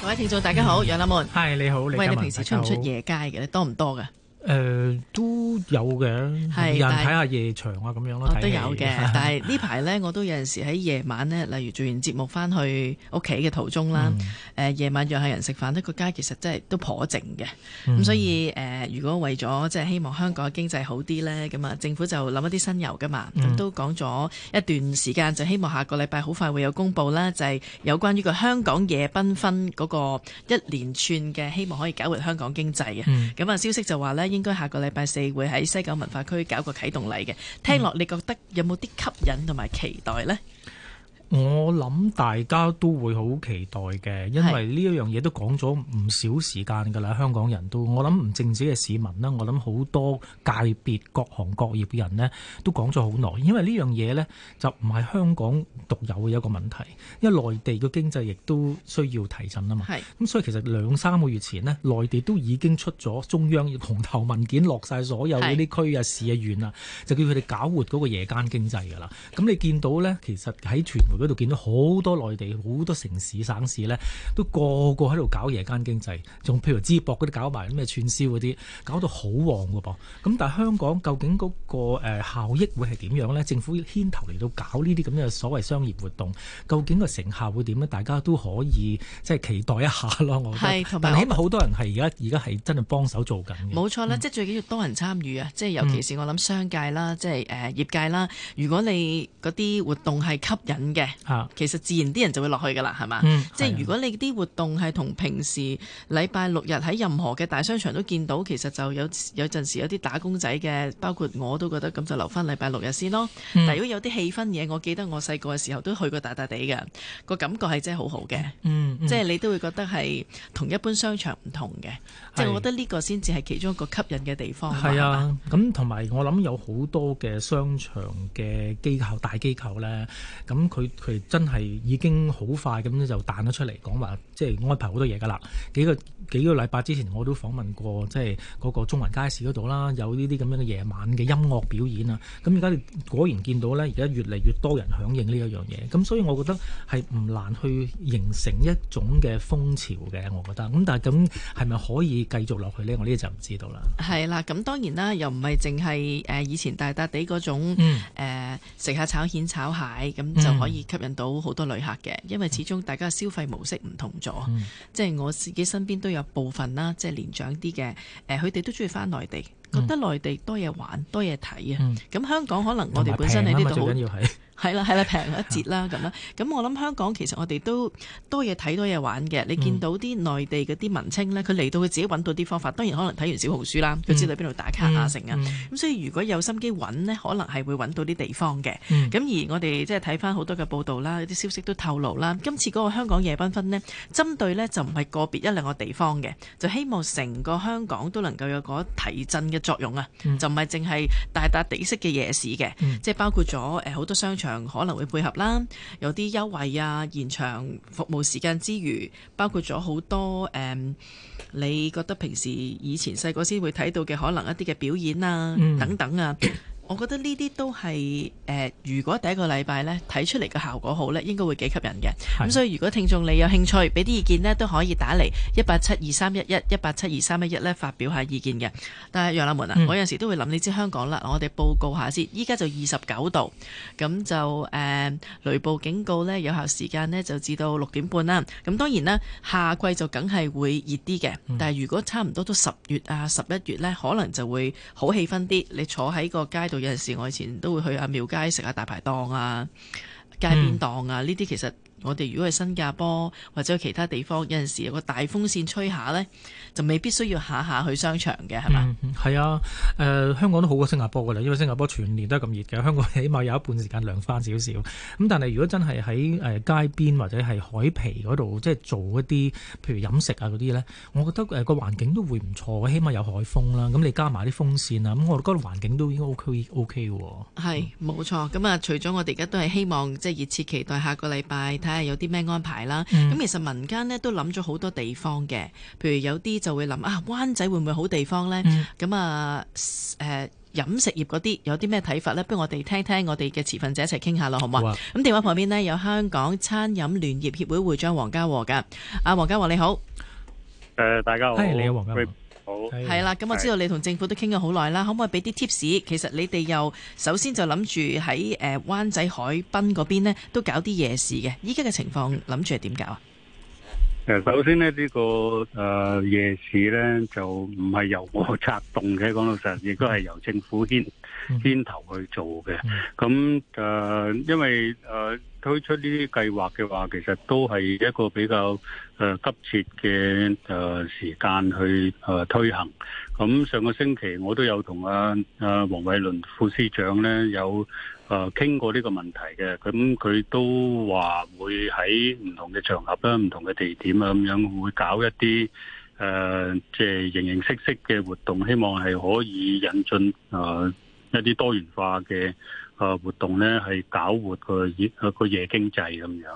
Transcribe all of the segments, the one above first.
各位聽眾大家好，楊立門，嗨，你好，李家文，喂，你平時出唔出夜街嘅？你多唔多嘅？誒都有嘅，有人睇下夜場啊咁樣咯。都有嘅，但係呢排呢，我都有陣時喺夜晚呢，例如做完節目翻去屋企嘅途中啦。誒夜、嗯呃、晚約下人食飯，呢個街其實真係都頗靜嘅。咁、嗯、所以誒、呃，如果為咗即係希望香港經濟好啲呢，咁啊政府就諗一啲新遊噶嘛。都講咗一段時間，就希望下個禮拜好快會有公佈啦，就係、是、有關於個香港夜繽紛嗰個一連串嘅希望可以救活香港經濟嘅。咁、那、啊、個、消息就話呢。那個應該下個禮拜四會喺西九文化區搞個啟動禮嘅，聽落你覺得有冇啲吸引同埋期待呢？我諗大家都會好期待嘅，因為呢一樣嘢都講咗唔少時間噶啦。香港人都我諗唔淨止係市民啦，我諗好多界別各行各業嘅人呢都講咗好耐。因為呢樣嘢呢，就唔係香港獨有嘅一個問題，因為內地嘅經濟亦都需要提振啊嘛。咁是，所以其實兩三個月前呢，內地都已經出咗中央要紅頭文件，落晒所有呢啲區啊、市啊、縣啊，就叫佢哋搞活嗰個夜間經濟噶啦。咁你見到呢，其實喺全。嗰度見到好多內地好多城市省市咧，都個個喺度搞夜間經濟，仲譬如淄博嗰啲搞埋咩串燒嗰啲，搞到好旺㗎噃。咁但係香港究竟嗰個效益會係點樣咧？政府牽頭嚟到搞呢啲咁嘅所謂商業活動，究竟個成效會點咧？大家都可以即係期待一下咯。我覺得。係，但係起碼好多人係而家而家係真係幫手做緊嘅。冇錯啦，嗯、即係最緊要多人參與啊！即係尤其是我諗商界啦，即係誒、呃、業界啦。如果你嗰啲活動係吸引嘅。啊，其實自然啲人就會落去噶啦，係嘛？嗯、即係如果你啲活動係同平時禮、嗯、拜六日喺任何嘅大商場都見到，其實就有有陣時有啲打工仔嘅，包括我都覺得咁就留翻禮拜六日先咯。嗯、但如果有啲氣氛嘢，我記得我細個嘅時候都去過大笪地嘅，個感覺係真係好好嘅，嗯嗯、即係你都會覺得係同一般商場唔同嘅，即係、嗯、我覺得呢個先至係其中一個吸引嘅地方係啊。咁同埋我諗有好多嘅商場嘅機構大機構呢。咁佢。佢真係已經好快咁就彈咗出嚟，講話，即係安排好多嘢噶啦。幾個幾個禮拜之前我都訪問過，即係嗰個中環街市嗰度啦，有呢啲咁樣嘅夜晚嘅音樂表演啊。咁而家果然見到咧，而家越嚟越多人響應呢一樣嘢。咁所以我覺得係唔難去形成一種嘅風潮嘅，我覺得。咁但係咁係咪可以繼續落去咧？我呢就唔知道啦。係啦，咁當然啦，又唔係淨係誒以前大笪地嗰種，誒、嗯呃、食下炒蜆炒蟹咁就可以、嗯。吸引到好多旅客嘅，因為始終大家消費模式唔同咗，嗯、即係我自己身邊都有部分啦，即係年長啲嘅，誒佢哋都鍾意返內地，覺得內地多嘢玩多嘢睇啊，咁、嗯、香港可能我哋本身喺呢度好。係啦，係啦，平一截啦咁啦。咁 我諗香港其實我哋都多嘢睇，多嘢玩嘅。你見到啲內地嗰啲文青呢，佢嚟到佢自己揾到啲方法。當然可能睇完小紅書啦，佢知道邊度打卡啊，嗯嗯、成啊。咁所以如果有心機揾呢，可能係會揾到啲地方嘅。咁、嗯、而我哋即係睇翻好多嘅報道啦，啲消息都透露啦。今次嗰個香港夜繽紛呢，針對呢就唔係個別一兩個地方嘅，就希望成個香港都能夠有個提振嘅作用啊。嗯、就唔係淨係大笪地式嘅夜市嘅，即係、嗯、包括咗好多商場。可能會配合啦，有啲優惠啊，延長服務時間之餘，包括咗好多誒、嗯，你覺得平時以前細個先會睇到嘅可能一啲嘅表演啊，等等啊。我覺得呢啲都係誒、呃，如果第一個禮拜咧睇出嚟嘅效果好咧，應該會幾吸引嘅。咁的所以如果聽眾你有興趣，俾啲意見咧，都可以打嚟一八七二三一一一八七二三一一咧發表下意見嘅。但係楊立門啊，嗯、我有陣時都會諗，你知香港啦，我哋報告下先。依家就二十九度，咁就誒、呃、雷暴警告咧，有效時間咧就至到六點半啦。咁當然啦，夏季就梗係會熱啲嘅。嗯、但係如果差唔多都十月啊、十一月咧，可能就會好氣氛啲。你坐喺個街度。有陣時我以前都會去阿廟街食下大排檔啊、街邊檔啊，呢啲其實。我哋如果係新加坡或者其他地方，有陣時有個大風扇吹下呢，就未必需要下下去商場嘅，係咪？係、嗯、啊，誒、呃、香港都好過新加坡㗎啦，因為新加坡全年都係咁熱嘅，香港起碼有一半時間涼翻少少。咁、嗯、但係如果真係喺誒街邊或者係海皮嗰度，即係做一啲譬如飲食啊嗰啲呢，我覺得誒個環境都會唔錯嘅，起碼有海風啦，咁你加埋啲風扇啊，咁、嗯、我覺得環境都應該 O K O K 嘅。係、嗯、冇錯，咁啊，除咗我哋而家都係希望即係熱切期待下個禮拜。睇下有啲咩安排啦，咁、嗯、其實民間呢都諗咗好多地方嘅，譬如有啲就會諗啊，灣仔會唔會好地方呢？咁、嗯、啊誒、呃、飲食業嗰啲有啲咩睇法呢？不如我哋聽聽我哋嘅持份者一齊傾下咯，好唔好、啊？」咁電話旁邊呢有香港餐飲聯業協會會，會長黃家和㗎，阿、啊、黃家和你好，誒、呃、大家好，你好黃家係啦，咁我知道你同政府都傾咗好耐啦，可唔可以俾啲 tips？其實你哋又首先就諗住喺誒灣仔海濱嗰邊咧，都搞啲夜市嘅。依家嘅情況諗住係點搞啊？誒，首先咧呢個誒夜市咧就唔係由我策動嘅，講老實，亦都係由政府牽牽頭去做嘅。咁誒，因為誒。推出呢啲計劃嘅話，其實都係一個比較誒、呃、急切嘅誒、呃、時間去誒、呃、推行。咁、呃、上個星期我都有同阿阿黃偉綸副司長咧有誒傾、呃、過呢個問題嘅。咁、呃、佢都話會喺唔同嘅場合啦、唔同嘅地點啊咁樣會搞一啲誒即係形形式式嘅活動，希望係可以引進誒、呃、一啲多元化嘅。個活動咧係搞活個夜夜經濟咁樣，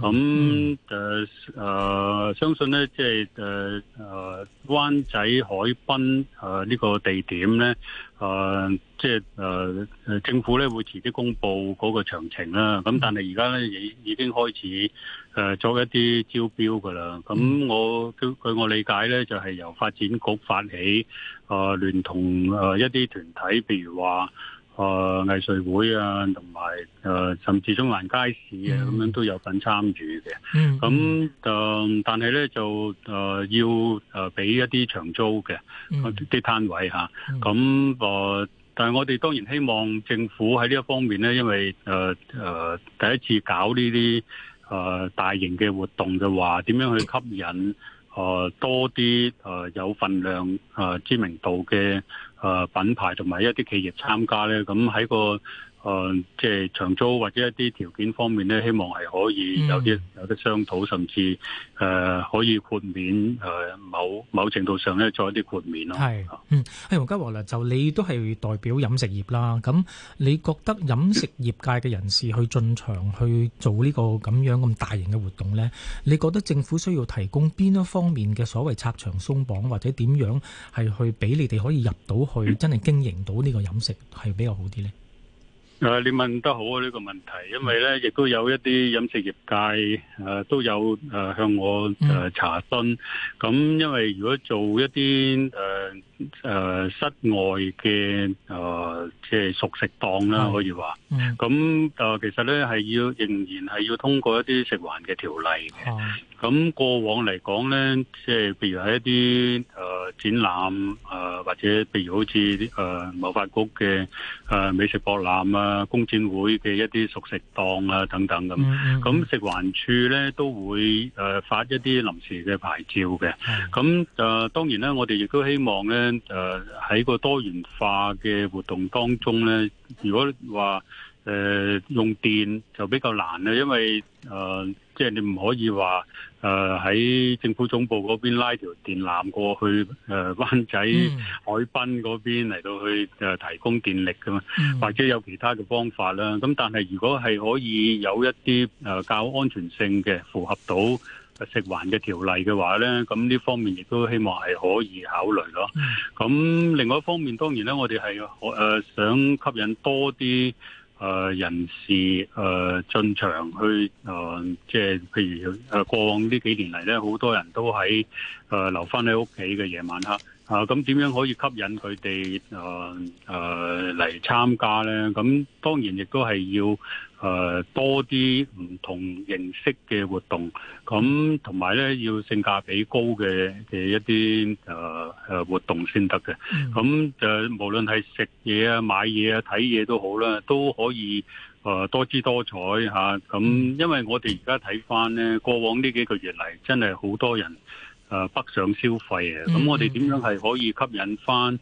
咁誒誒相信咧，即係誒誒灣仔海濱誒呢、呃這個地點咧，誒、呃、即係誒誒政府咧會遲啲公佈嗰個詳情啦。咁但係而家咧已已經開始誒、呃、做一啲招標噶啦。咁我據我理解咧，就係、是、由發展局發起，誒、呃、聯同誒一啲團體，譬如話。誒，藝穗、呃、會啊，同埋誒，甚至中環街市啊，咁樣都有份參與嘅、mm. 嗯。嗯。咁，但係咧就誒要誒俾一啲長租嘅啲攤位吓。咁誒，但係我哋當然希望政府喺呢一方面咧，因為誒誒、呃呃、第一次搞呢啲誒大型嘅活動就話，點樣去吸引誒、呃、多啲誒、呃、有份量誒、呃、知名度嘅？誒品牌同埋一啲企業參加咧，咁喺個。誒、呃，即係長租或者一啲條件方面咧，希望係可以有啲有啲商討，甚至誒、呃、可以豁免誒、呃，某某程度上咧，做一啲豁免咯。係，嗯，係、嗯、黃、嗯、家和就你都係代表飲食業啦。咁你覺得飲食業界嘅人士去進場去做呢個咁樣咁大型嘅活動呢？你覺得政府需要提供邊一方面嘅所謂拆牆鬆綁，或者點樣係去俾你哋可以入到去，真係經營到呢個飲食係比較好啲呢？誒、啊，你問得好啊！呢、這個問題，因為咧，亦都有一啲飲食業界誒、呃、都有誒、呃、向我誒、呃、查詢。咁、嗯，因為如果做一啲誒。呃誒，室外嘅誒，即係熟食檔啦，可以話。咁誒，其實咧係要仍然係要通過一啲食環嘅條例嘅。咁過往嚟講咧，即係譬如喺一啲誒展覽誒，或者譬如好似啲誒貿發局嘅誒美食博覽啊、工展會嘅一啲熟食檔啊等等咁。咁食環署咧都會誒發一啲臨時嘅牌照嘅。咁誒，當然咧，我哋亦都希望咧。誒喺個多元化嘅活動當中呢，如果話誒、呃、用電就比較難喇，因為誒即係你唔可以話誒喺政府總部嗰邊拉條電纜過去誒、呃、灣仔海濱嗰邊嚟到去誒、呃、提供電力㗎嘛，或者有其他嘅方法啦。咁但係如果係可以有一啲誒較安全性嘅，符合到。食環嘅條例嘅話呢，咁呢方面亦都希望係可以考慮咯。咁另外一方面，當然呢，我哋係誒想吸引多啲誒、呃、人士誒、呃、進場去誒、呃，即係譬如誒、呃、過往呢幾年嚟呢，好多人都喺誒、呃、留翻喺屋企嘅夜晚黑吓。咁、呃、點樣可以吸引佢哋誒誒嚟參加呢？咁當然亦都係要。誒多啲唔同形式嘅活動，咁同埋咧要性價比高嘅嘅一啲誒誒活動先得嘅。咁誒、mm hmm. 無論係食嘢啊、買嘢啊、睇嘢都好啦，都可以誒、呃、多姿多彩吓。咁、啊、因為我哋而家睇翻咧，過往呢幾個月嚟真係好多人誒、呃、北上消費啊。咁、mm hmm. 我哋點樣係可以吸引翻？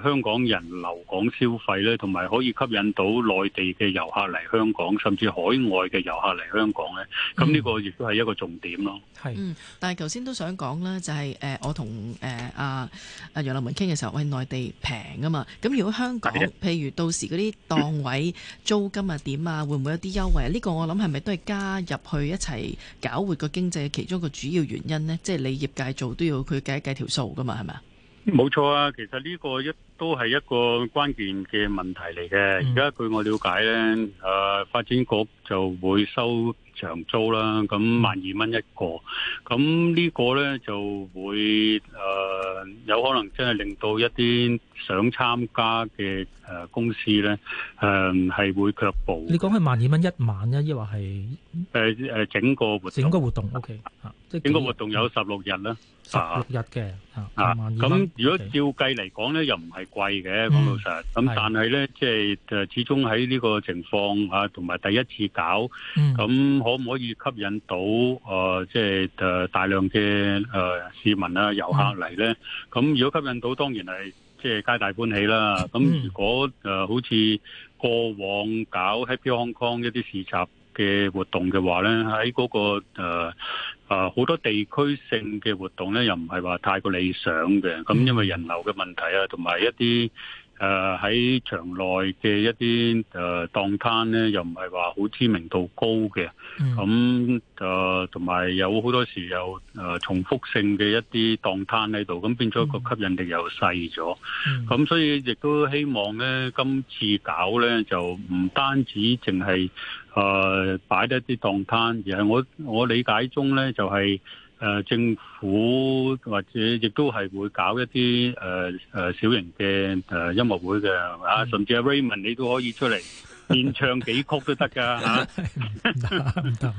香港人留港消費咧，同埋可以吸引到內地嘅遊客嚟香港，甚至海外嘅遊客嚟香港咧，咁呢個亦都係一個重點咯。係，嗯，但係頭先都想講啦，就係誒我同誒阿阿楊立文傾嘅時候，喂，內地平啊嘛，咁如果香港譬如到時嗰啲檔位租金啊點啊，會唔會有啲優惠？呢個我諗係咪都係加入去一齊搞活個經濟其中個主要原因咧？即係你業界做都要佢計一計條數㗎嘛，係咪啊？冇錯啊！其實呢個一都係一個關鍵嘅問題嚟嘅。而家、嗯、據我了解呢誒、呃、發展局就會收長租啦，咁萬二蚊一個。咁呢個呢，就會誒、呃、有可能真係令到一啲想參加嘅誒公司呢誒係、呃、會卻步。你講係萬二蚊一晚咧，抑或係誒整個活整個活動？OK。整個活動 okay. 整個活動有、啊、十六日啦，啊啊、十六日嘅啊，咁如果照計嚟講咧，又唔係貴嘅，講老、嗯、實，咁但係咧，即係誒始終喺呢個情況啊，同埋第一次搞，咁、嗯啊、可唔可以吸引到誒即係誒大量嘅誒、呃、市民啊、遊客嚟咧？咁、嗯啊、如果吸引到，當然係即係皆大歡喜啦。咁如果誒、呃、好似過往搞 Happy Hong Kong 一啲市集嘅活動嘅話呢，喺嗰個誒誒好多地區性嘅活動呢，又唔係話太過理想嘅，咁因為人流嘅問題啊，同埋一啲誒喺場內嘅一啲誒檔攤呢，又唔係話好知名度高嘅，咁誒同埋有好多時有誒、呃、重複性嘅一啲檔攤喺度，咁變咗個吸引力又細咗，咁、嗯、所以亦都希望呢，今次搞呢，就唔單止淨係。誒、呃、擺得啲檔攤，而係我我理解中咧就係、是、誒、呃、政府。府或者亦都係會搞一啲誒誒小型嘅誒、呃、音樂會嘅啊，甚至阿 Raymond 你都可以出嚟演唱幾曲都得㗎嚇，唔得唔得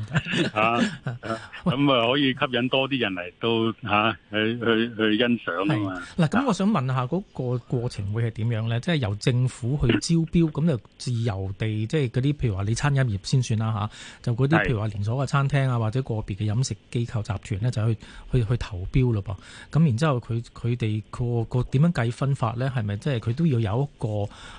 嚇，咁 啊，啊，啊，啊可以吸引多啲人嚟到嚇去去去欣賞是啊嘛。嗱，咁我想問下嗰、那個過程會係點樣咧？即係由政府去招標，咁就自由地即係嗰啲譬如話你餐飲業先算啦嚇、啊，就嗰啲譬如話連鎖嘅餐廳啊，或者個別嘅飲食機構集團咧就去去去。去去去投標咯噃，咁然之後佢佢哋個個點樣計分法咧？係咪即係佢都要有一個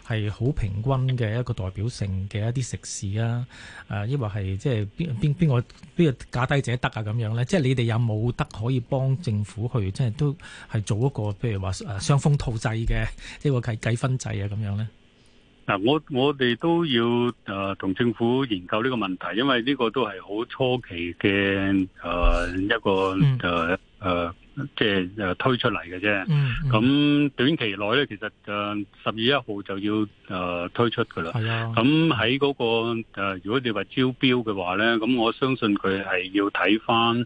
係好平均嘅一個代表性嘅一啲食肆啊？誒、就是，抑或係即係邊邊邊個邊個價低者得啊？咁樣咧，即係你哋有冇得可以幫政府去即係都係做一個譬如話雙封套制嘅呢個計計分制啊？咁樣咧？嗱，我我哋都要誒同、呃、政府研究呢個問題，因為呢個都係好初期嘅誒、呃、一個誒誒、嗯呃，即係誒推出嚟嘅啫。咁、嗯嗯、短期內咧，其實誒十月一號就要誒、呃、推出噶啦。係啊。咁喺嗰個誒、呃，如果你話招標嘅話咧，咁我相信佢係要睇返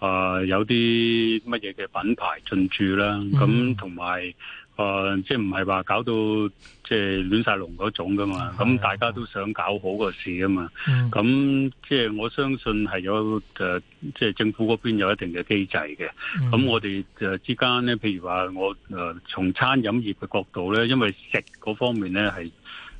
誒有啲乜嘢嘅品牌進駐啦。咁同埋。嗯嗯誒、呃，即係唔係話搞到即係亂晒龍嗰種噶嘛？咁大家都想搞好個事吖嘛？咁、嗯、即係我相信係有誒、呃，即係政府嗰邊有一定嘅機制嘅。咁、嗯、我哋誒、呃、之間咧，譬如話我誒、呃、從餐飲業嘅角度咧，因為食嗰方面咧係。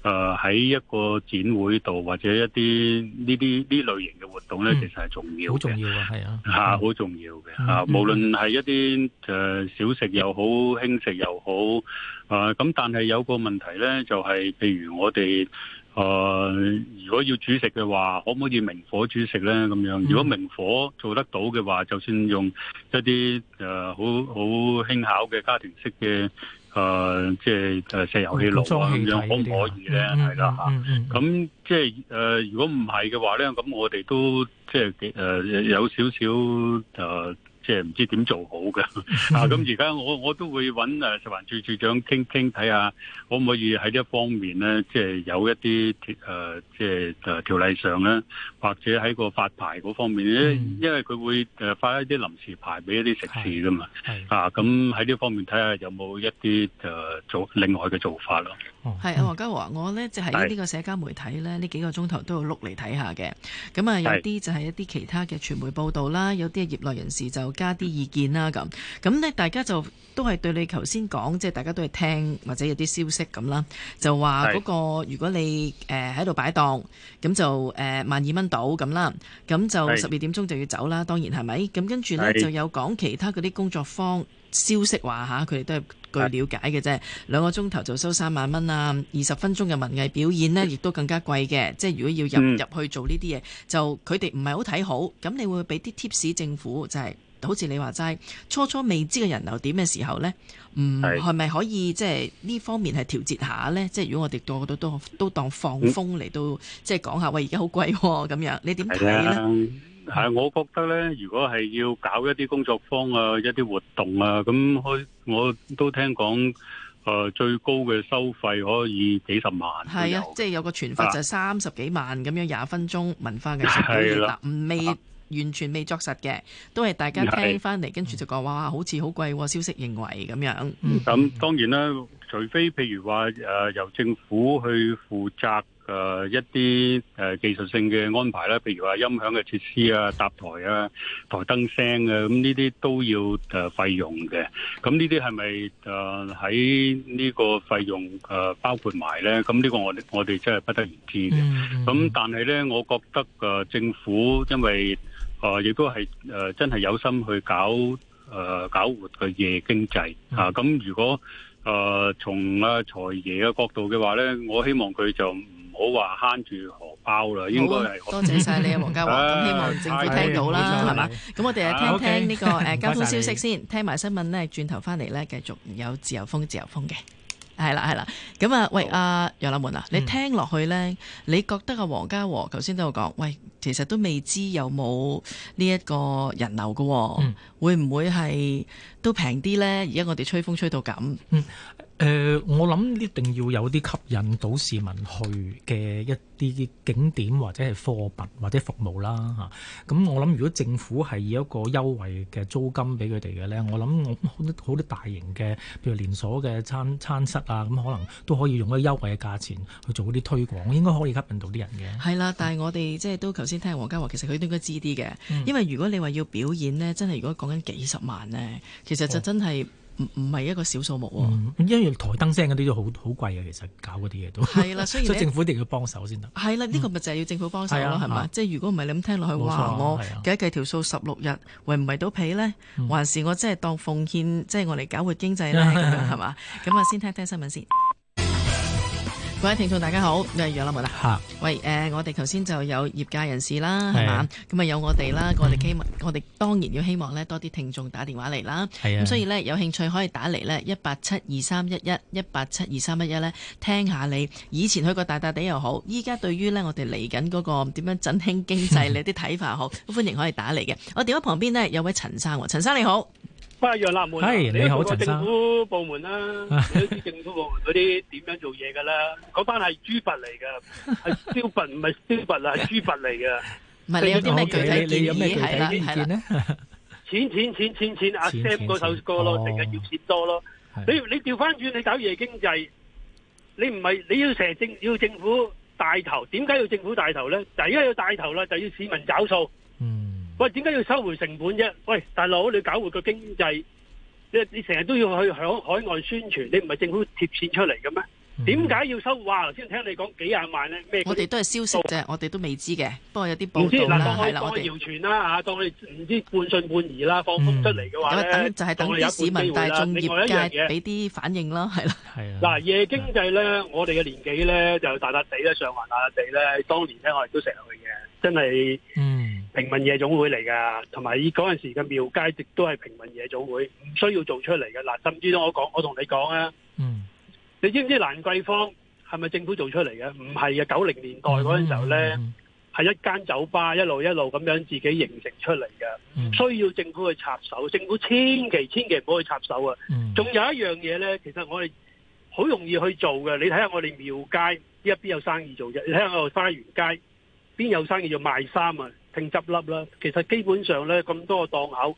誒喺、呃、一個展會度或者一啲呢啲呢類型嘅活動呢，其實係重要，好、嗯、重要啊，係、嗯、啊，嚇好重要嘅嚇。無論係一啲誒小食又好，輕食又好，啊咁，但係有個問題呢，就係、是、譬如我哋誒、呃、如果要煮食嘅話，可唔可以明火煮食呢？咁樣如果明火做得到嘅話，就算用一啲誒、呃、好好輕巧嘅家庭式嘅。誒、呃，即係誒石油氣爐啊，咁樣可唔可以咧？係啦嚇，咁即係誒、呃，如果唔係嘅話咧，咁我哋都即係誒、呃、有少少誒。呃即係唔知點做好嘅啊！咁而家我我都會揾誒食環署署長傾傾，睇下可唔可以喺呢一方面咧，即係有一啲誒、呃、即係誒條例上咧，或者喺個發牌嗰方面咧，嗯、因為佢會誒發一啲臨時牌俾一啲食肆噶嘛啊！咁喺呢方面睇下有冇一啲誒做另外嘅做法咯。係啊，黃家和，我咧就喺、是、呢個社交媒體咧，呢幾個鐘頭都要碌嚟睇下嘅。咁啊，有啲就係一啲其他嘅傳媒報道啦，有啲係業內人，人士就。加啲意見啦，咁咁呢，大家就都係對你頭先講，即係大家都係聽或者有啲消息咁啦，就話嗰、嗰個是如果你誒喺度擺檔，咁就誒萬二蚊到咁啦，咁、呃、就十二點鐘就要走啦，當然係咪？咁跟住呢，是就有講其他嗰啲工作坊消息話吓，佢、啊、哋都係據了解嘅啫。是兩個鐘頭就收三萬蚊啊，二十分鐘嘅文藝表演呢，亦 都更加貴嘅，即係如果要入入去做呢啲嘢，就佢哋唔係好睇好。咁你會俾啲 tips 政府就係？好似你話齋，初初未知嘅人流點嘅時候咧，唔係咪可以即係呢方面係調節下咧？即係如果我哋多到都都，都當放風嚟到、嗯，即係講下喂，而家好貴咁、哦、樣，你點睇咧？係、啊、我覺得咧，如果係要搞一啲工作坊啊，一啲活動啊，咁開我都聽講，誒、呃、最高嘅收費可以幾十萬。係啊，啊即係有個全費就三十幾萬咁樣，廿分鐘文化嘅，係啦，五完全未作實嘅，都係大家聽翻嚟，跟住就講話哇，好似好貴。消息認為咁樣。咁當然啦，除非譬如話誒由政府去負責誒一啲誒技術性嘅安排啦，譬如話音響嘅設施啊、搭台啊、台燈聲啊，咁呢啲都要誒費用嘅。咁呢啲係咪誒喺呢個費用誒包括埋咧？咁呢個我哋我哋真係不得而知嘅。咁但係咧，我覺得誒政府因為啊，亦都係誒，真係有心去搞誒，搞活個夜經濟啊！咁如果誒從啊財爺嘅角度嘅話咧，我希望佢就唔好話慳住荷包啦，應該係多謝晒你啊，黃家和，希望政府聽到啦，係嘛？咁我哋啊聽聽呢個誒交通消息先，聽埋新聞咧，轉頭翻嚟咧繼續有自由風，自由風嘅。係啦，係啦，咁啊，喂，阿楊立門啊，你聽落去咧，你覺得阿黃家和頭先都有講，喂，其實都未知有冇呢一個人流噶、哦，嗯、會唔會係都平啲咧？而家我哋吹風吹到咁。嗯誒、呃，我諗一定要有啲吸引到市民去嘅一啲景點或者係貨品或者服務啦嚇。咁、啊嗯、我諗，如果政府係以一個優惠嘅租金俾佢哋嘅咧，我諗我好多大型嘅，譬如連鎖嘅餐餐室啊，咁、嗯嗯嗯、可能都可以用一個優惠嘅價錢去做一啲推廣，應該可以吸引到啲人嘅。係啦，但係我哋即係都頭先聽黃家和，其實佢都應該知啲嘅，嗯、因為如果你話要表演呢，真係如果講緊幾十萬呢，其實就真係、哦。唔唔係一個小數目喎、啊嗯，因為台燈聲嗰啲都好好貴啊，其實搞嗰啲嘢都係啦，所以 政府一定要幫手先得。係啦，呢、這個咪就係要政府幫手咯，係嘛、嗯？即係如果唔係你咁聽落去，啊、哇！我計一計條數，十六日圍唔圍到皮呢？還是我真係當奉獻，即、就、係、是、我嚟搞活經濟咧？係嘛、嗯？咁啊， 我先聽聽新聞先。各位聽眾，大家好，我係楊立文啦。嚇哈，喂，誒、呃，我哋頭先就有業界人士啦，係嘛吧？咁啊的，有我哋啦，我哋希望，我哋當然要希望咧，多啲聽眾打電話嚟啦。係啊的，咁所以咧，有興趣可以打嚟咧，一八七二三一一一八七二三一一咧，聽下你以前去過大笪地又好，依家對於咧我哋嚟緊嗰個點樣振興經濟咧啲睇法好， 歡迎可以打嚟嘅。我電話旁邊呢，有位陳生喎，陳生你好。係，你好，陳生。呢個政府部門啦，呢啲政府部門嗰啲點樣做嘢噶啦？嗰班係豬糞嚟噶，係燒糞唔係燒糞啊，係豬糞嚟噶。唔係，你有啲咩具體建議？係啦係啦。錢錢錢錢錢，阿 Sam 嗰首歌咯，成日要錢多咯。你你調翻轉，你搞夜經濟，你唔係你要成日政要政府帶頭，點解要政府帶頭咧？就係因為要帶頭啦，就要市民找數。喂，點解要收回成本啫？喂，大佬，你搞活個經濟，你你成日都要去響海外宣傳，你唔係政府貼錢出嚟嘅咩？點解要收？哇！頭先聽你講幾廿萬咧，咩？我哋都係消息啫，我哋都未知嘅。不過有啲報道啦，係啦。唔知當佢謠傳啦嚇，當佢唔知半信半疑啦，放風出嚟嘅話咧，就係等有市民大眾業界，俾啲反應啦，係啦。係啊。嗱，夜經濟咧，我哋嘅年紀咧就大笪地咧，上環大笪地咧，當年咧我哋都成日去嘅。真係平民夜總會嚟噶，同埋嗰陣時嘅廟街亦都係平民夜總會，唔需要做出嚟噶。嗱，甚至我講，我同你講啊，你知唔知蘭桂坊係咪政府做出嚟嘅？唔係啊，九零年代嗰陣時候咧，係一間酒吧一路一路咁樣自己形成出嚟噶，需要政府去插手。政府千祈千祈唔好去插手啊！仲有一樣嘢咧，其實我哋好容易去做嘅。你睇下我哋廟街一邊有生意做啫，你睇下我哋花園街。邊有生意做賣衫啊，停執笠啦。其實基本上咧，咁多個檔口，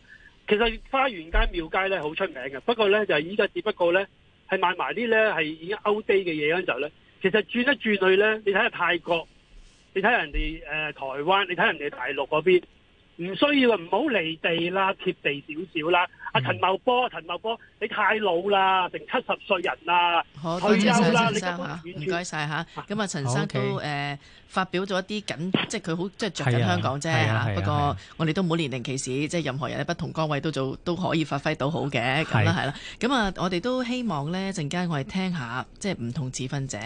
其實花園街、廟街咧好出名嘅。不過咧，就依家只不過咧係賣埋啲咧係已經 old day 嘅嘢嗰時候咧。其實轉一轉去咧，你睇下泰國，你睇下人哋誒台灣，你睇人哋大陸嗰邊，唔需要啊，唔好離地啦，貼地少少啦。阿陳茂波，陳茂波，你太老啦，成七十歲人啦，退休啦。唔該晒吓，咁啊，陳生都誒。發表咗一啲緊，即係佢好即係着緊香港啫嚇。啊啊啊、不過、啊啊、我哋都冇年齡歧視，即係任何人喺不同崗位都做都可以發揮到好嘅。咁啦，係啦是。咁啊，啊，我哋都希望呢，陣間我哋聽下，即係唔同持份者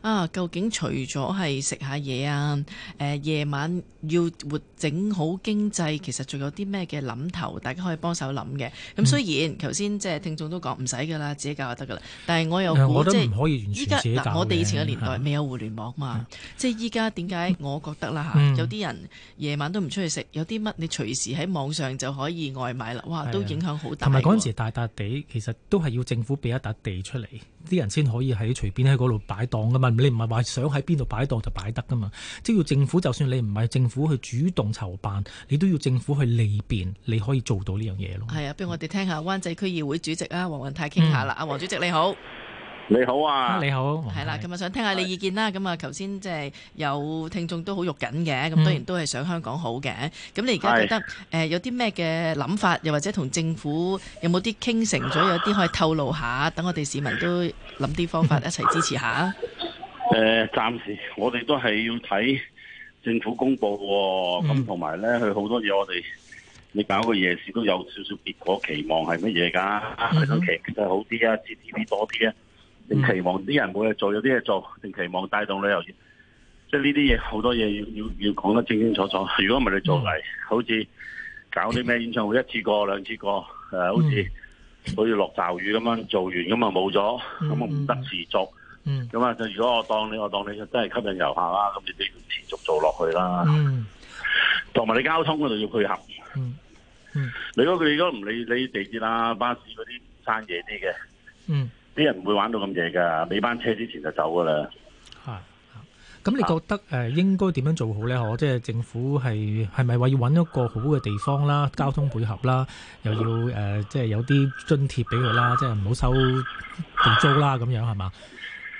啊，究竟除咗係食下嘢啊，誒、呃、夜晚要活整好經濟，其實仲有啲咩嘅諗頭，大家可以幫手諗嘅。咁雖然頭先、嗯、即係聽眾都講唔使噶啦，自己教就得噶啦。但係我又估即係依家，我哋以，以前嘅年代未有互聯網嘛，即係依家。點解我覺得啦吓、嗯，有啲人夜晚都唔出去食，有啲乜你隨時喺網上就可以外賣啦，哇，都影響好大。同埋嗰陣時大地，大笪地其實都係要政府俾一笪地出嚟，啲人先可以喺隨便喺嗰度擺檔噶嘛你唔係話想喺邊度擺檔就擺得噶嘛即係要政府就算你唔係政府去主動籌辦，你都要政府去利便，你可以做到呢樣嘢咯。係啊，不如我哋聽下灣仔區議會主席啊，黃宏泰傾下啦。阿黃主席你好。你好啊，啊，你好，係、嗯、啦，咁啊想聽下你意見啦。咁啊的，頭先即係有聽眾都好肉緊嘅，咁當然都係想香港好嘅。咁你而家覺得誒的、呃、有啲咩嘅諗法，又或者同政府有冇啲傾成咗，唉有啲可以透露下，等我哋市民都諗啲方法唉一齊支持下。誒、呃，暫時我哋都係要睇政府公布，咁同埋咧，佢好多嘢我哋你搞個夜市都有少少結果期望係乜嘢噶？我想、嗯、哼期其實好啲啊 GDP 啲多啲啊。嗯、期望啲人冇嘢做，有啲嘢做，定期望帶動旅遊業？即係呢啲嘢，好多嘢要要要講得清清楚楚。如果唔係你做嚟，好似搞啲咩演唱會一次過、兩次過，誒、呃，好似好似落驟雨咁樣做完，咁啊冇咗，咁啊唔得時做。咁啊、嗯，嗯嗯、就如果我當你我當你就真係吸引遊客啦，咁你都要持續做落去啦。同埋、嗯嗯、你交通嗰度要配合嗯。嗯，嗯如果佢如果唔理你地鐵啊、巴士嗰啲生意啲嘅，嗯。嗯啲人唔會玩到咁夜㗎，尾班車之前就走㗎啦、啊。啊，咁你覺得誒、呃、應該點樣做好咧？可即係政府係係咪話要揾一個好嘅地方啦、交通配合啦，又要誒即係有啲津貼俾佢啦，即係唔好收地租啦咁樣係嗎？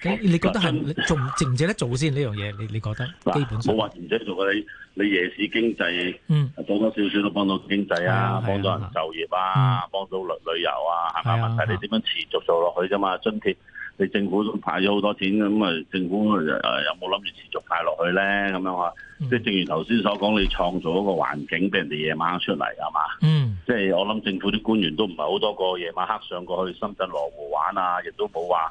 你你覺得係做值唔值得做先呢樣嘢，你你覺得？冇話唔值得做嘅，你你夜市經濟，嗯，多多少少都幫到經濟啊，幫到人就業啊，幫到旅旅遊啊，係嘛？問題你點樣持續做落去啫嘛？津貼你政府都派咗好多錢咁啊，政府誒有冇諗住持續派落去咧？咁樣啊？即係正如頭先所講，你創造一個環境俾人哋夜晚出嚟係嘛？嗯，即係我諗政府啲官員都唔係好多個夜晚黑上過去深圳羅湖玩啊，亦都冇話。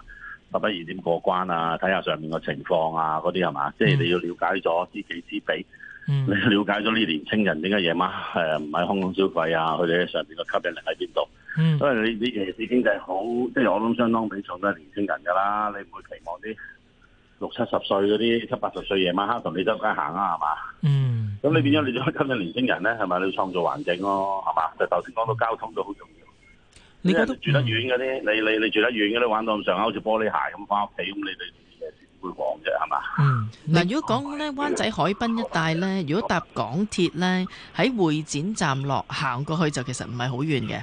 十一二點過關啊！睇下上面個情況啊，嗰啲係嘛？即係你要了解咗知己知彼，mm. 你要了解咗啲年青人點解夜晚係啊唔喺香港消費啊？佢哋上邊個吸引力喺邊度？Mm. 因為你呢夜市經濟好，即係我諗相當比重都係年青人㗎啦。你唔會期望啲六七十歲嗰啲七八十歲夜晚黑同你周街行啊？係嘛？嗯、mm. 咁你變咗你做吸引年青人咧係咪？你要創造環境咯、啊，係嘛？就頭先講到交通都好重要。你咧住得遠嗰啲，你你你住得遠嗰啲玩到咁上下，好似玻璃鞋咁返屋企，咁你哋點解會講啫？係嘛？嗱，如果講咧灣仔海濱一帶咧，如果搭港鐵咧喺會展站落，行過去就其實唔係好遠嘅，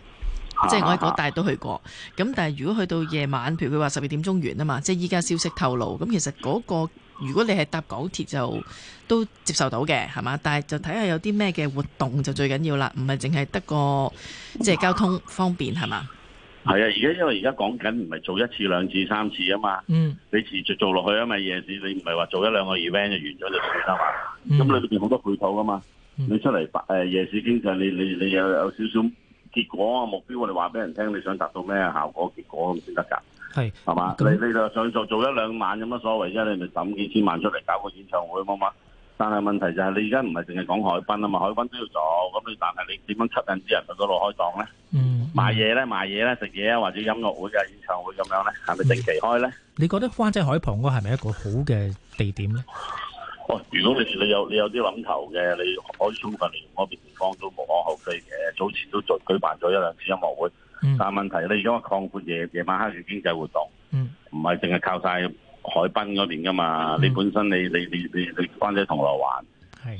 即係我喺嗰帶都去過。咁但係如果去到夜晚，譬如佢話十二點鐘完啊嘛，即係依家消息透露，咁其實嗰個。如果你係搭港鐵就都接受到嘅，係嘛？但係就睇下有啲咩嘅活動就最緊要啦，唔係淨係得個即係交通方便係嘛？係啊，而家因為而家講緊唔係做一次兩次三次啊嘛，嗯，你持續做落去啊嘛，夜市，你唔係話做一兩個 event 就完咗就算啦嘛。咁你裏邊好多配套噶嘛，你出嚟白夜市經常，你你你有有少少。結果啊，目標我哋話俾人聽，你想達到咩效果？結果咁先得噶，係，係嘛？你就上你就想做做一兩晚有乜所謂啫？你咪抌幾千萬出嚟搞個演唱會好嘛？但係問題就係、是、你而家唔係淨係講海濱啊嘛，海濱都要做咁你，但係你點樣吸引啲人去嗰度開檔咧、嗯？嗯，賣嘢咧，賣嘢咧，食嘢啊，或者音樂會嘅演唱會咁樣咧，係咪定期開咧、嗯？你覺得灣仔海旁嗰係咪一個好嘅地點咧？哦，如果你你有你有啲諗頭嘅，你可以充分利用嗰邊地方都無可厚非嘅。早前都舉舉辦咗一兩次音樂會，mm. 但問題你而家擴闊夜夜晚黑嘅經濟活動，唔係淨係靠晒海濱嗰邊噶嘛？你本身你你你你你關者銅鑼灣、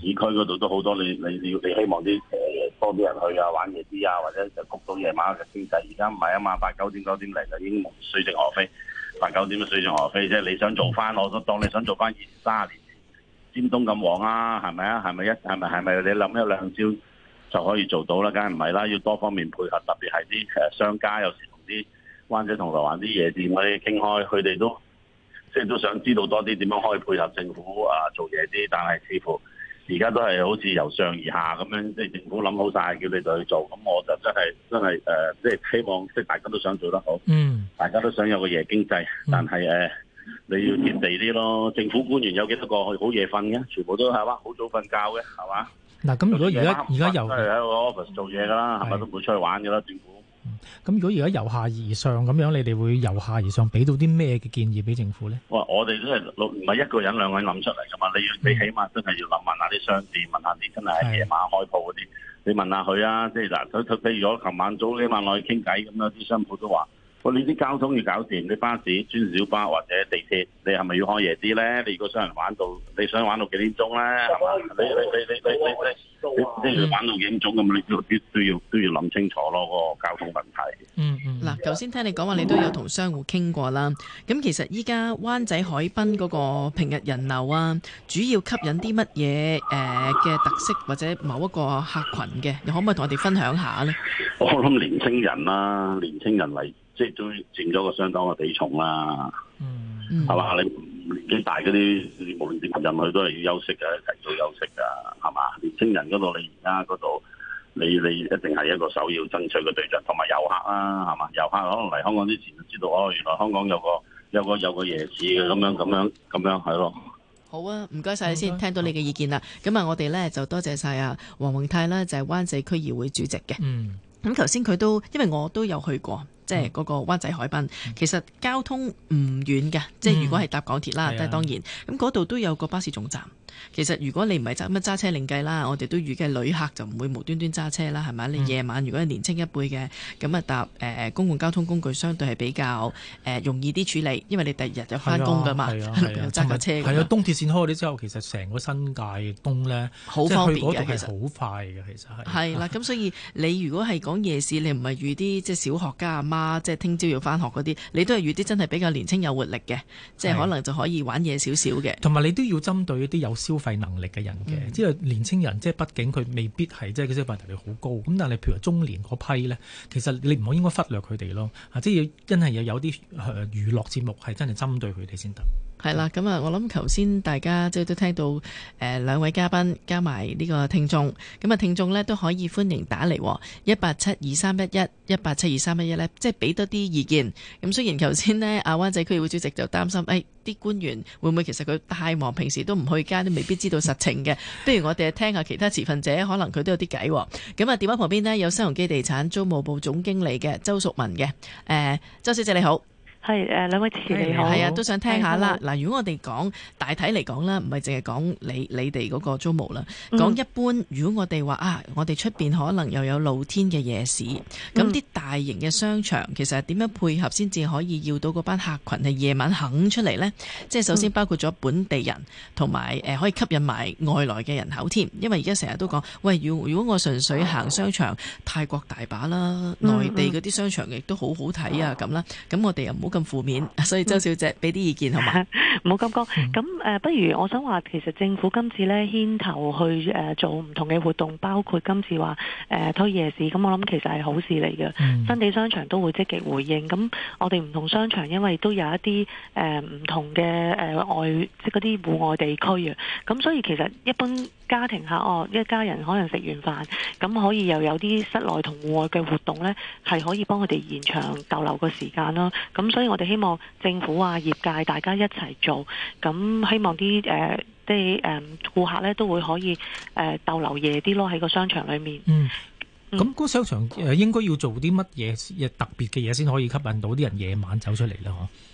市區嗰度都好多，你你你希望啲多啲人去啊玩夜啲啊，或者就谷到夜晚嘅經濟，而家唔係啊嘛，八九點九點嚟就已經水靜河飛，八九點嘅水靜河飛啫。即你想做翻，我都當你想做翻二三年。尖東咁旺啊，係咪啊？係咪一係咪係咪你諗一兩招就可以做到啦？梗係唔係啦？要多方面配合，特別係啲誒商家，有時同啲灣仔同樓環啲夜店嗰啲傾開，佢哋都即係都想知道多啲點樣可以配合政府啊做嘢啲，但係似乎而家都係好似由上而下咁樣，即係政府諗好晒叫你哋去做。咁我就真係真係誒，即、呃、係希望即係大家都想做得好，嗯，大家都想有個夜經濟，但係誒。呃你要貼地啲咯，政府官員有幾多個去好夜瞓嘅？全部都係嘛，好早瞓覺嘅，係嘛？嗱，咁如果而家而家由係喺個 office 做嘢噶啦，係咪都冇出去玩噶啦？政府。咁、嗯、如果而家由下而上咁樣，你哋會由下而上俾到啲咩嘅建議俾政府咧？哇、呃！我哋都係唔係一個人、兩個人諗出嚟噶嘛？你要你起碼真係要諗問下啲商店，問下啲真係夜晚開鋪嗰啲，的你問下佢啊！即係嗱，佢佢譬如我琴晚早起晚落去傾偈咁啦，啲商鋪都話。我你啲交通要搞掂，啲巴士、專小巴或者地鐵，你係咪要開夜啲咧？你如果想人玩到，你想玩到幾點鐘咧？係嘛？你你你你你你玩到幾點鐘咁，你都都要都要諗清楚咯，嗰、那個交通問題。嗯嗯，嗱、嗯，頭先、嗯、聽你講話，你都有同商戶傾過啦。咁其實依家灣仔海濱嗰個平日人流啊，主要吸引啲乜嘢？誒嘅特色或者某一個客群嘅，你可唔可以同我哋分享下咧？我諗年青人啦、啊，年青人嚟。即係都佔咗個相當嘅比重啦，嗯，係嘛？你年紀大嗰啲，無論任何人佢都係要休息嘅，提早休息噶，係嘛？年青人嗰度，你而家嗰度，你你，你一定係一個首要爭取嘅對象，同埋遊客啦，係嘛？遊客可能嚟香港之前就知道哦，原來香港有個有個有個夜市嘅，咁樣咁樣咁樣係咯。好啊，唔該晒你先，聽到你嘅意見啦。咁啊，我哋咧就多謝晒啊黃宏泰啦，就係、就係、灣仔區議會主席嘅。嗯，咁頭先佢都因為我都有去過。即係嗰個灣仔海濱，其實交通唔遠嘅，即係如果係搭港鐵啦，都係、嗯、當然。咁嗰度都有個巴士總站。其實如果你唔係揸乜揸車另計啦，我哋都預計旅客就唔會無端端揸車啦，係咪？你夜晚如果係年青一輩嘅，咁啊、嗯、搭誒、呃、公共交通工具相對係比較誒、呃、容易啲處理，因為你第二日就翻工噶嘛，要揸架車。係啊，東鐵線開咗之後，其實成個新界東咧好方便嘅，其實好快嘅，啊、其實係係啦。咁、啊 啊、所以你如果係講夜市，你唔係預啲即係小學家阿媽,媽，即係聽朝要翻學嗰啲，你都係預啲真係比較年青有活力嘅，啊、即係可能就可以玩嘢少少嘅。同埋你都要針對啲有。消費能力嘅人嘅，嗯、即係年輕人，即係畢竟佢未必係即係佢消費能力好高，咁但係你譬如中年嗰批咧，其實你唔好應該忽略佢哋咯，啊，即係真係又有啲娛樂節目係真係針對佢哋先得。係啦，咁啊，我諗頭先大家即係都聽到，誒、呃，兩位嘉賓加埋呢個聽眾，咁、嗯、啊，聽眾咧都可以歡迎打嚟，11, 一八七二三一一一八七二三一一呢即係俾多啲意見。咁、嗯、雖然頭先呢，阿灣仔區議會主席就擔心，誒、哎，啲官員會唔會其實佢太忙，平時都唔去街，都未必知道實情嘅。不 如我哋聽下其他持份者，可能佢都有啲計。咁、嗯、啊，電話旁邊呢，有新鴻基地產租務部總經理嘅周淑雯嘅，誒、呃，周小姐,姐你好。係誒，兩位支持嚟係啊，都想聽下啦。嗱，如果我哋講大體嚟講啦，唔係淨係講你你哋嗰個租務啦，講、嗯、一般。如果我哋話啊，我哋出邊可能又有露天嘅夜市，咁啲、嗯、大型嘅商場，其實係點樣配合先至可以要到嗰班客群係夜晚肯出嚟呢？即係首先包括咗本地人，同埋誒可以吸引埋外來嘅人口添。因為而家成日都講，喂，如果如果我純粹行商場，嗯、泰國大把啦，內地嗰啲商場亦都好好睇啊，咁啦，咁我哋又唔好。咁負面，所以周小姐俾啲意見好嘛？ 唔好咁講，咁誒、呃，不如我想話，其實政府今次咧牽頭去誒、呃、做唔同嘅活動，包括今次話誒、呃、推夜市，咁我諗其實係好事嚟嘅。嗯、新地商場都會積極回應，咁我哋唔同商場因為都有一啲誒唔同嘅誒、呃、外即嗰啲戶外地區啊，咁所以其實一般家庭客哦，一家人可能食完飯，咁可以又有啲室內同戶外嘅活動咧，係可以幫佢哋延長逗留個時間囉。咁所以我哋希望政府啊、業界大家一齊。做咁希望啲誒，即係誒，顧客咧都會可以誒逗留夜啲咯喺個商場裏面。咁嗰、嗯、商場誒應該要做啲乜嘢特別嘅嘢先可以吸引到啲人夜晚走出嚟咧？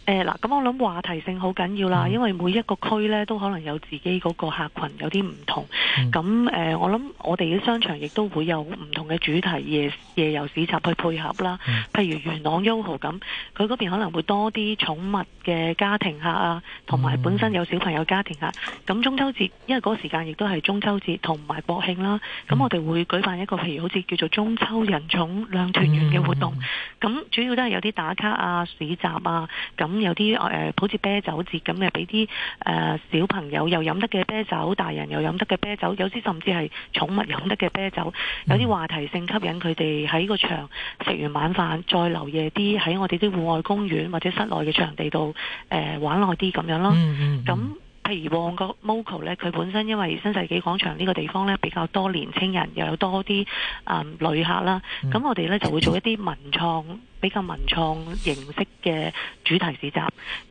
嗱、呃，咁我諗話題性好緊要啦，嗯、因為每一個區呢都可能有自己嗰個客群有啲唔同。咁誒、嗯呃，我諗我哋啲商場亦都會有唔同嘅主題夜夜遊市集去配合啦。嗯、譬如元朗 YOHO 咁，佢嗰邊可能會多啲寵物嘅家庭客啊，同埋本身有小朋友家庭客。咁、嗯、中秋節，因為嗰個時間亦都係中秋節同埋國慶啦。咁我哋會舉辦一個譬如好似叫做中秋人月兩團圓嘅活動，咁、mm hmm. 主要都係有啲打卡啊、市集啊，咁有啲誒、呃，好似啤酒節咁嘅，俾啲誒小朋友又飲得嘅啤酒，大人又飲得嘅啤酒，有啲甚至係寵物飲得嘅啤酒，有啲話題性吸引佢哋喺個場食完晚飯，再留夜啲喺我哋啲戶外公園或者室內嘅場地度誒、呃、玩耐啲咁樣咯，咁、mm。Hmm. 嗯譬如旺角 Moco 咧，佢本身因為新世紀廣場呢個地方咧，比較多年青人，又有多啲啊、嗯、旅客啦，咁、嗯、我哋咧就會做一啲文創。比較文創形式嘅主題市集，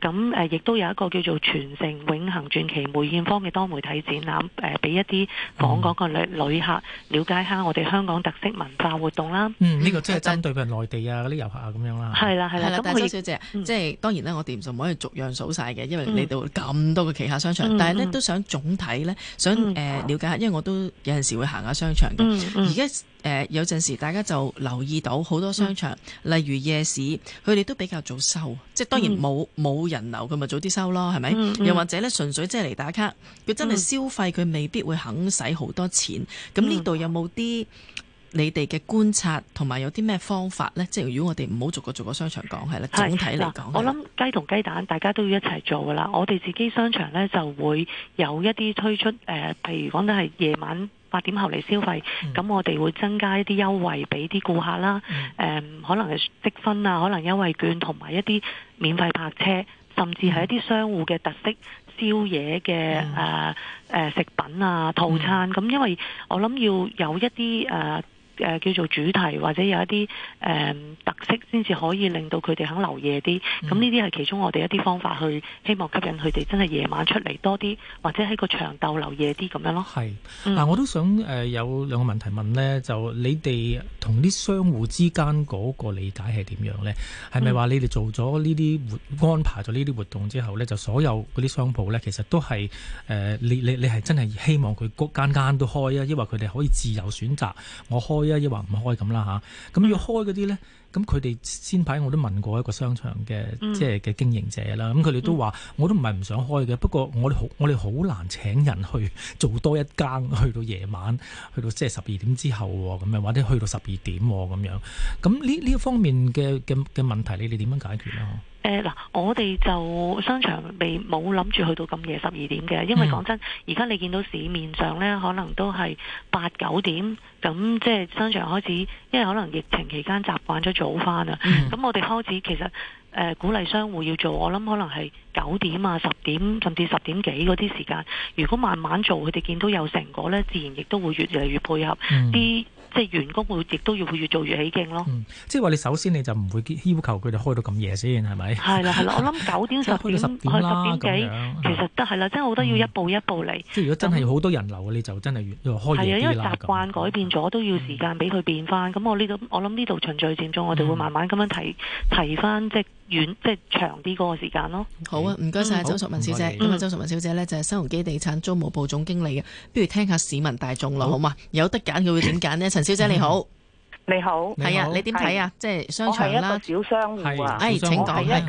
咁誒亦都有一個叫做《全城永恆傳奇》梅艷芳嘅多媒體展覽，誒俾一啲訪港嘅旅客了解下我哋香港特色文化活動啦。嗯，呢個即係針對嘅內地啊嗰啲遊客啊咁樣啦。係啦係啦，咁但係周小姐，即係當然咧，我哋就唔可以逐樣數晒嘅，因為嚟到咁多嘅旗下商場，但係咧都想總體咧想誒瞭解下，因為我都有陣時會行下商場嘅，而家。誒、呃、有陣時，大家就留意到好多商場，嗯、例如夜市，佢哋都比較早收，即係當然冇冇、嗯、人流，佢咪早啲收咯，係咪？嗯嗯、又或者咧，純粹即係嚟打卡，佢真係消費，佢、嗯、未必會肯使好多錢。咁呢度有冇啲？嗯嗯你哋嘅觀察同埋有啲咩方法呢？即係如果我哋唔好逐個逐個商場講，係啦，整體嚟講，我諗雞同雞蛋，大家都要一齊做㗎啦。我哋自己商場呢，就會有一啲推出誒，譬、呃、如講你係夜晚八點後嚟消費，咁、嗯、我哋會增加一啲優惠俾啲顧客啦。誒、呃，可能係積分啊，可能優惠券同埋一啲免費泊車，甚至係一啲商戶嘅特色宵夜嘅誒誒食品啊套餐。咁、嗯嗯、因為我諗要有一啲誒。誒叫做主題或者有一啲誒、嗯、特色，先至可以令到佢哋肯留夜啲。咁呢啲係其中我哋一啲方法，去希望吸引佢哋真係夜晚出嚟多啲，或者喺個場逗留夜啲咁樣咯。係，嗱、嗯啊、我都想誒、呃、有兩個問題問咧，就你哋同啲商戶之間嗰個理解係點樣咧？係咪話你哋做咗呢啲安排咗呢啲活動之後咧，就所有啲商鋪咧，其實都係誒、呃、你你你係真係希望佢間間都開啊？抑或佢哋可以自由選擇我開、啊。一話唔開咁啦嚇，咁要開嗰啲咧，咁佢哋先排我都問過一個商場嘅即係嘅經營者啦，咁佢哋都話我都唔係唔想開嘅，不過我哋好我哋好難請人去做多一更，去到夜晚，去到即係十二點之後喎，咁樣或者去到十二點喎咁樣，咁呢呢一方面嘅嘅嘅問題，你哋點樣解決咧？誒，嗱、uh，我哋就商場未冇諗住去到咁夜十二點嘅，因為講真，而家 你見到市面上呢，可能都係八九點，咁即係商場開始，因為可能疫情期間習慣咗早返啊。咁 我哋開始其實誒、呃、鼓勵商戶要做，我諗可能係九點啊、十點甚至十點幾嗰啲時間。如果慢慢做，佢哋見到有成果呢，自然亦都會越嚟越配合啲。 即係員工會，亦都要會越做越起勁咯。嗯、即係話你首先你就唔會要求佢哋開到咁夜先，係咪？係啦，係啦。我諗九點十點十 點啦，幾樣其實都係啦。即係、嗯嗯、我覺得要一步一步嚟。即係如果真係好多人流，嗯、你就真係越開夜啦。係啊，因為習慣改變咗，嗯、都要時間俾佢變翻。咁、嗯、我呢度，我諗呢度循序漸進，我哋會慢慢咁樣提提翻，即遠即係長啲嗰個時間咯。好啊，唔該晒，嗯、周淑雯小姐。今日周淑雯小姐呢，就係、是、新鴻基地產租務部總經理嘅。不如聽下市民大眾啦，好嘛？有得揀佢會點揀呢？ 陳小姐你好，你好，係好啊，你點睇啊？是即係商場啦，小商戶啊，哎，請講係，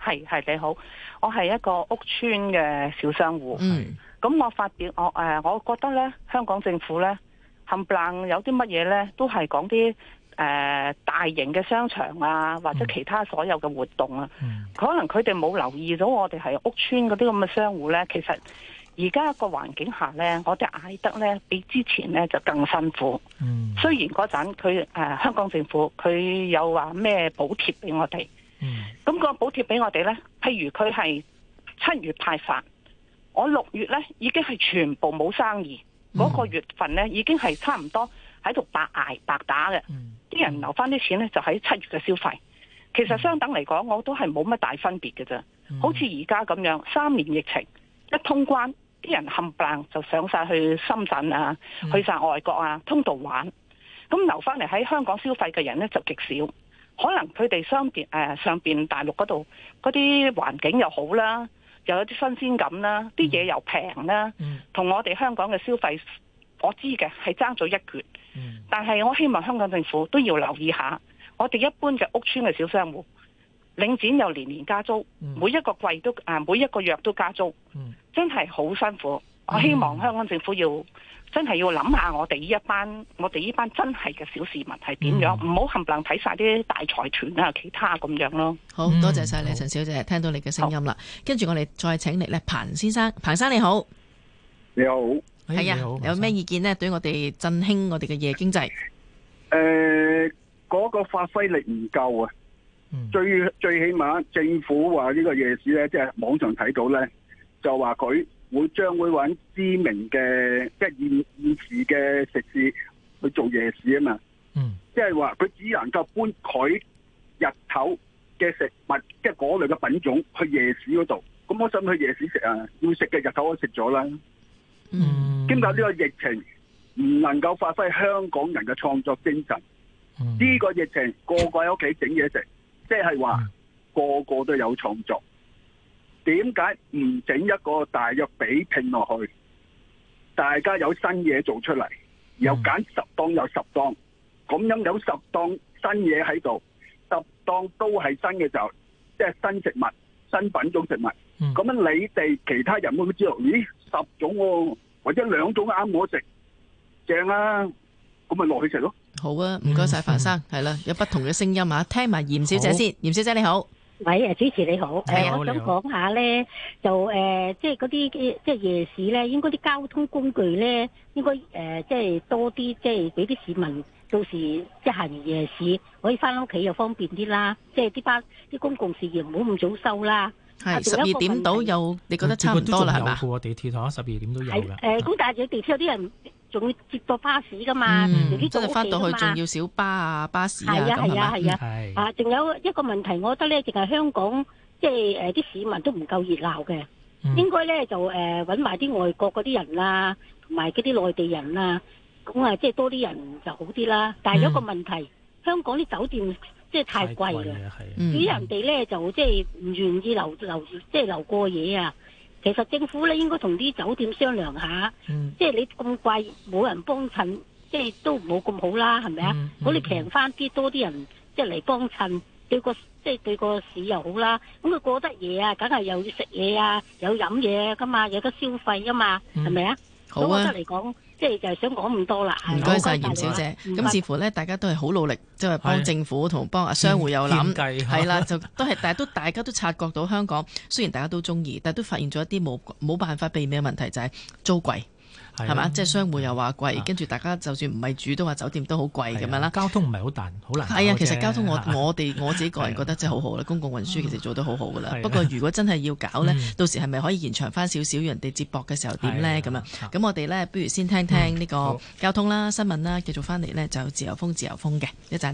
係係你好，我係一個屋村嘅小商戶。是嗯，咁我發表我誒、呃，我覺得咧，香港政府咧，冚唪唥有啲乜嘢咧，都係講啲。誒、呃，大型嘅商場啊，或者其他所有嘅活動啊，嗯、可能佢哋冇留意到我哋係屋村嗰啲咁嘅商戶呢。其實而家個環境下呢，我哋挨得呢比之前呢就更辛苦。嗯、雖然嗰陣佢誒香港政府佢有話咩補貼畀我哋，咁、嗯、個補貼畀我哋呢，譬如佢係七月派發，我六月呢已經係全部冇生意，嗰、嗯、個月份呢已經係差唔多喺度白挨白打嘅。嗯啲、嗯、人留翻啲錢咧，就喺七月嘅消費。其實相等嚟講，我都係冇乜大分別嘅咋、嗯、好似而家咁樣三年疫情一通關，啲人冚唪唥就上晒去深圳啊，去晒外國啊，通道玩。咁留翻嚟喺香港消費嘅人咧就極少。可能佢哋、呃、上邊誒上邊大陸嗰度嗰啲環境又好啦，又有啲新鮮感啦，啲嘢、嗯、又平啦，同、嗯、我哋香港嘅消費，我知嘅係爭咗一橛。但係，我希望香港政府都要留意下，我哋一般嘅屋村嘅小商戶，領展又年年加租，每一個季都啊，每一個月都加租，真係好辛苦。我希望香港政府要真係要諗下我哋呢一班，我哋呢班真係嘅小市民係點樣，唔好冚唪唥睇晒啲大財團啊、其他咁樣咯。好多謝晒你，嗯、陳小姐，聽到你嘅聲音啦。跟住好我哋再請嚟咧，彭先生，彭生你好，你好。你好.係、嗯、啊，有咩意見咧？對我哋振興我哋嘅夜經濟，誒、呃，嗰、那個發揮力唔夠啊！嗯、最最起碼政府話呢個夜市咧，即係網上睇到咧，就話佢會將會揾知名嘅即係現現時嘅食肆去做夜市啊嘛。嗯，即係話佢只能夠搬佢日頭嘅食物，即係嗰類嘅品種去夜市嗰度。咁我想去夜市食啊，要食嘅日頭我食咗啦。嗯，經過呢個疫情唔能夠發揮香港人嘅創作精神。呢、mm hmm. 個疫情個個喺屋企整嘢食，即係話個個都有創作。點解唔整一個大約比拼落去？大家有新嘢做出嚟，又揀十檔有十檔，咁樣有十檔新嘢喺度，十檔都係新嘅，就即係新食物、新品種食物。咁樣、mm hmm. 你哋其他人會唔會知道？咦？十種喎，或者兩種啱我食，正啦，咁咪落去食咯。好啊，唔該曬，樊生，係啦，有不同嘅聲音啊，聽埋嚴小姐先。嚴小姐你好。喂，主持你好，你好。我想講下咧，就誒，即係嗰啲即係夜市咧，應該啲交通工具咧，應該誒，即係多啲，即係俾啲市民到時即係行完夜市，可以翻屋企又方便啲啦。即係啲班啲公共事業唔好咁早收啦。係十二點到有，你覺得差唔多啦係嘛？地鐵台十二點都有噶。誒，咁但係有地鐵有啲人仲要接駁巴士噶嘛？真係翻到去仲要小巴啊、巴士啊，係啊？啊，仲有一個問題，我覺得咧，淨係香港即係誒，啲市民都唔夠熱鬧嘅。應該咧就誒搵埋啲外國嗰啲人啦，同埋嗰啲內地人啦，咁啊即係多啲人就好啲啦。但係有一個問題，香港啲酒店。即係太貴啦，如果、嗯、人哋咧就即係唔願意留、嗯、留即係、就是、留過夜啊，其實政府咧應該同啲酒店商量下，嗯、即係你咁貴冇人幫襯，即係都唔冇咁好啦，係咪啊？咁、嗯嗯、你平翻啲多啲人即係嚟幫襯，對個即係、就是、對個市又好啦。咁佢過得夜啊，梗係又要食嘢啊，有飲嘢噶嘛，有得消費啊嘛，係咪啊？嚟啊吧。嗎即係就想講咁多啦，唔該晒，嚴小姐。咁似謝乎咧，謝大家都係好努力，即、就、係、是、幫政府同是幫啊商戶又諗計，係啦，就都係， 但係都大家都察覺到香港雖然大家都中意，但係都發現咗一啲冇冇辦法避免嘅問題，就係、是、租貴。係嘛？即係商戶又話貴，的跟住大家就算唔係住都話酒店都好貴咁的樣啦。交通唔係好大，好難。係啊，其實交通我的我哋我自己個人覺得真係好好啦。的公共運輸其實做得好好噶啦。的不過如果真係要搞呢，嗯、到時係咪可以延長翻少少，人哋接駁嘅時候點呢？咁的樣？咁的我哋呢，不如先聽聽呢個交通啦、新聞啦，繼續翻嚟呢，就自由風自由風嘅一陣。